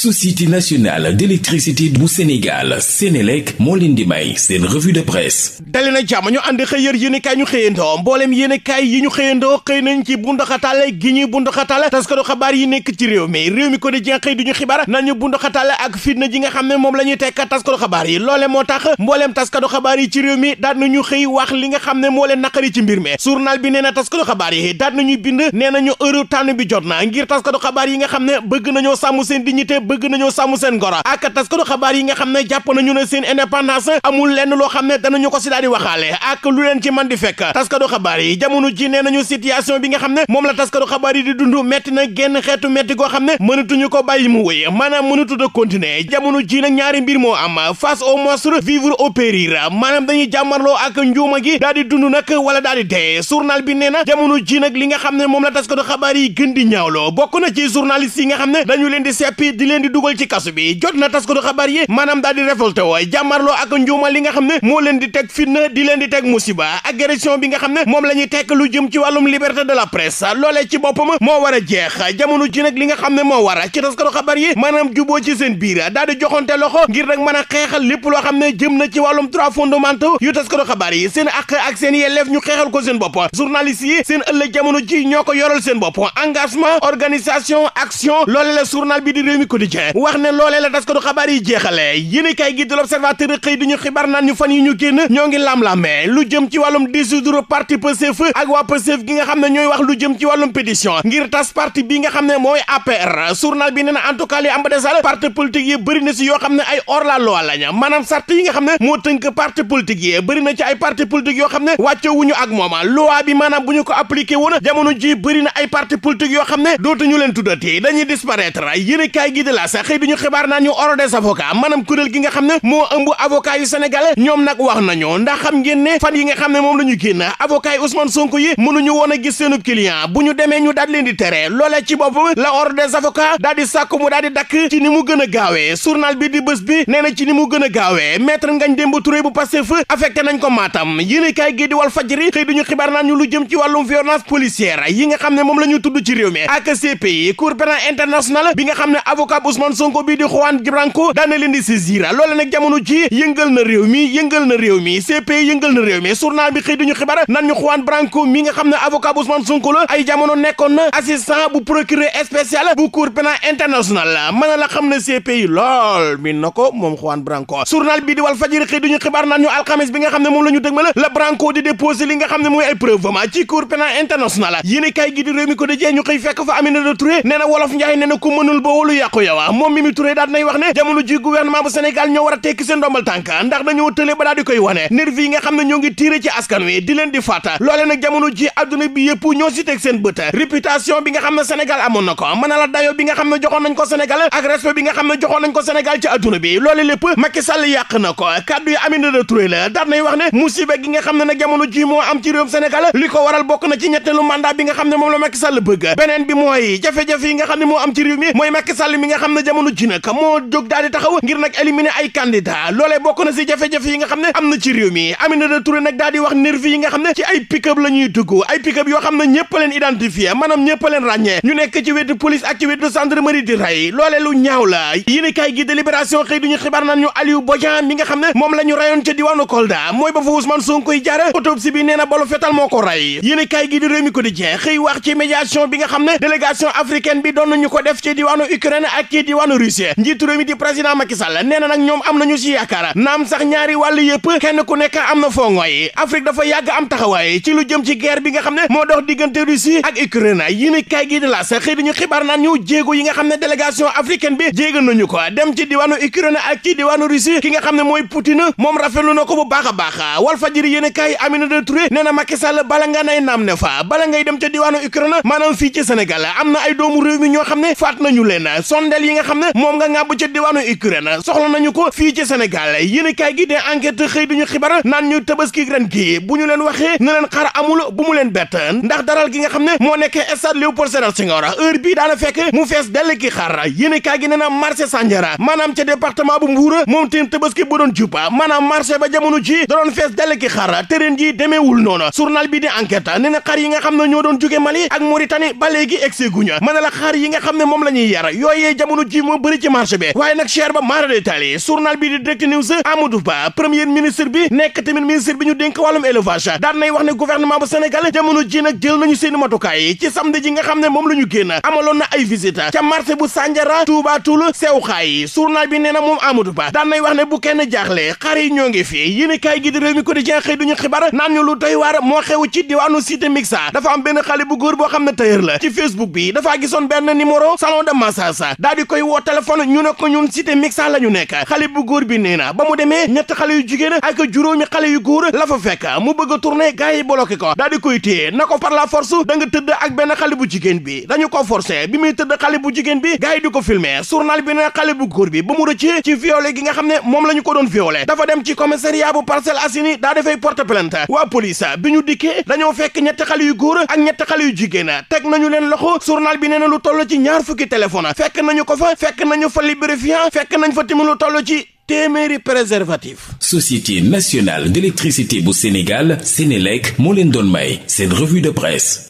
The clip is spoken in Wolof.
société nationale d'électricité bu Sénégal Sénélec moo leen di may seen revue de presse dali na jàmm ñu ànd xëy yër yéenekaay ñu xëyandoo mbooleem yéenekaay yi ñu xëyandoo xëy nañ ci bundaxataale gi ñuy bundaxataale taskatu xabaar yi nekk ci réew mi réew mi ko di jeex xëy duñu xibaar naan ñu bundaxataale ak fitna ji nga xam ne moom la ñuy tekk taskatu xabaar yi loole moo tax mbooleem taskatu xabaar yi ci réew mi daan nañu xëy wax li nga xam ne moo leen naqari ci mbir mi journal bi nee na taskatu xabaar yi daan nañu bind nee nañu heure tànn bi jot na ngir taskatu xabaar yi nga xam ne bëgg nañoo sàmm seen dignité bëgg nañoo sàmm seen gora ak taskatu xabaar yi nga xam ne jàpp nañu ne seen indépendance amul lenn loo xam ne danañu ko si daal waxaale ak lu leen ci man di fekk taskatu xabaar yi jamono ji nee nañu situation bi nga xam ne moom la ko bàyyi mu wéy maanaam mënatu da continuer jamono ji nag ñaari mbir moo am face au monstre vivre au péril maanaam dañuy ak njuuma gi daal di dund nag wala dee journal bi nee na jamono ji nag li nga xam ne moom la taskatu xabaar leen di dugal ci kasu bi jot na taskatu xabaar yi maanaam daal di révolté ak njuuma li nga xam ne moo leen di teg fitna di leen di teg musiba agression bi nga xam ne moom la tekk lu jëm ci wàllum liberté de la presse loolee ci boppam moo war a jeex jamono ji nag li nga xam ne moo war a ci taskatu xabaar yi maanaam juboo ci seen biir daal di joxonte loxo ngir nag mën a xeexal lépp loo xam ne jëm na ci wàllum droit fondamentaux yu taskatu xabaar yi yi seen ji ñoo ko yoral seen bopp Quotidien wax ne loolee la taskatu xabaar yi jeexale yéen kay gi de l'Observateur xëy di ñu xibaar naan ñu fan yi ñu génn ñoo ngi lam-lamee lu jëm ci wàllum dissoudre parti Pastef ak waa Pastef gi nga xam ne ñooy wax lu jëm ci wàllum pétition ngir tas parti bi nga xam ne mooy APR journal bi nee na en tout cas li am ba desal parti politique yi bëri na si yoo xam ne ay hors la loi lañu maanaam sart yi nga xam ne moo tënk parti politique yi bëri na ci ay parti politique yoo xam ne wàccewuñu ak mooma loi bi maanaam bu ñu ko appliqué woon jamono ji bëri na ay parti politique yoo xam ne dootuñu leen tuddati dañuy disparaître yéen kaay gi de place xëy di ñu xibaar naan ñu ordre des avocats kuréel gi nga xam ne moom la ñu a a a tudd ci réew mi ak CPI Cour pénale internationale bi nga xam ne avocat Ousmane Sonko bi xëy duñu ñu Juan na a ñu alxames bi nga xam ne moom la ñu dëgmal la Branco di déposé li nga xam ne mooy ay preuve ma ci cour pénal international yéen kay gi di réew mi ko dajee ñu xëy fekk fa Aminata Touré nee na wolof Njaay nee na ku mënul ba wolu yàqu yow waaw moom Mimi Touré daal nay wax ne jamono ji gouvernement bu Sénégal ñoo war a tekki seen ndombal ndax dañoo tële ba koy wane nervi yi nga xam ne ñoo ngi tiire ci askan wi di di faata loole nag jamono ji adduna bi yëpp ñoo si teg seen bët réputation bi nga xam ne Sénégal amoon na ko mën na la dayo bi nga xam ne joxoon nañ ko ko Sénégal ci adduna bi loole lépp Macky Sall yàq na ko kaddu yi Aminata Touré la daal am ci réewum Sénégal li ko waral bokk na ci ñetteelu mandat bi nga xam ne moom yi nga ne moo xam na jamono ji nag moo jóg daal di taxaw ngir nag éliminer ay candidat loolee bokk na si jafe-jafe yi nga xam ne am na ci réew mi Aminata Touré nag daal wax nervi yi nga xam ne ci ay pick-up la ñuy dugg ay pick yoo xam ne ñëpp leen identifié maanaam ñëpp ñu nekk ci wetu police ak ci wetu gendarmerie di rey loolee lu ñaaw la yéen kay gi délibération xëy duñu xibaar naan ñu Aliou Bodian mi nga xam ne moom la ñu reyoon ca diwaanu Kolda mooy ba bi nee na bolu fetal moo kii di wàllu Russie njiitu réew mi di président Macky Sall nee na nag ñoom am nañu ci yaakaar naam sax ñaari wàll yëpp kenn ku nekk am na foongooy Afrique dafa yàgg am taxawaay ci lu jëm ci guerre nga xam ne moo dox diggante Russie ak Ukraine yi ni kaay gii la sax xëy dañu xibaar naan ñu jéego yi nga xam ne délégation africaine bi jéego nañu ko dem ci diwaanu Ukraine ak ci diwaanu Russie ki nga xam ne mooy Poutine moom rafetlu na ko bu baax a baax Walfadjri yéen kaay Aminata Touré nee na Macky Sall bala nga ne matériel yi nga xam ne moom nga ngàbb ca diwaanu Ukraine soxla nañu ko fii ci Sénégal yéenekaay gi de enquête xëy duñu xibaar naan ñu tabaski ren gi bu ñu leen waxee ne leen xar amul bu mu leen bett ndax daral gi nga xam ne moo nekk stade Léopold Sédar Senghor heure bii daana fekk mu fees dell ki xar yéenekaay gi nee na marché Sandiara maanaam ca département bu Mbour moom teen tabaski bu doon jub maanaam marché ba jamono ji da doon fees dell ki xar te ren ji demeewul noonu journal bi na yi nga xam ne ñoo doon jóge Mali ak moom la ñuy yar jamono ji moo bi waaye nag cher ba maara day taali journal bi di direct news Amadou moom la ñu génn amaloon na ay visite ca marché bu Sandiara Touba Toul sew xaay journal bi nee na moom Amadou Ba daan nay bu kenn jaaxle xar yi ñoo ngi fii yéen kaay gi di réew mi quotidien duñu xibaar naan ñu lu doy waar moo xew ci diwaanu cité mixa dafa benn xale bu góor boo xam ne tailleur la ci Facebook bi dafa gisoon benn numéro salon de massage di koy woo téléphone ñu ne ko ñun cité mixan la ñu nekk xale bu góor bi nee na ba mu demee ñett xale yu jigéen ak juróomi xale yu góor la fa fekk mu bëgg a tourné gars yi ko daal di koy téye na ko par la force da nga tëdd ak benn xale bu jigéen bi dañu ko forcé bi muy tëdd xale bu jigéen bi gars yi di ko filmé journal bi ne xale bu góor bi ba mu rëccee ci violé gi nga xam ne moom la ñu ko doon violé dafa dem ci commissariat bu Parcelles Assainies daa defay porte plainte waa police bi ñu dikkee dañoo fekk ñetti xale yu góor ak ñetti xale yu jigéen teg nañu leen loxo journal bi nee na lu toll ci ñaar fukki téléphone fekk nañu ko fekk nañu fa lubrifiant fekk nañ fa tamit lu toll ci téeméeri préservatif société nationale d'électricité bu Sénégal Sénélec moo leen doon may seen revue de presse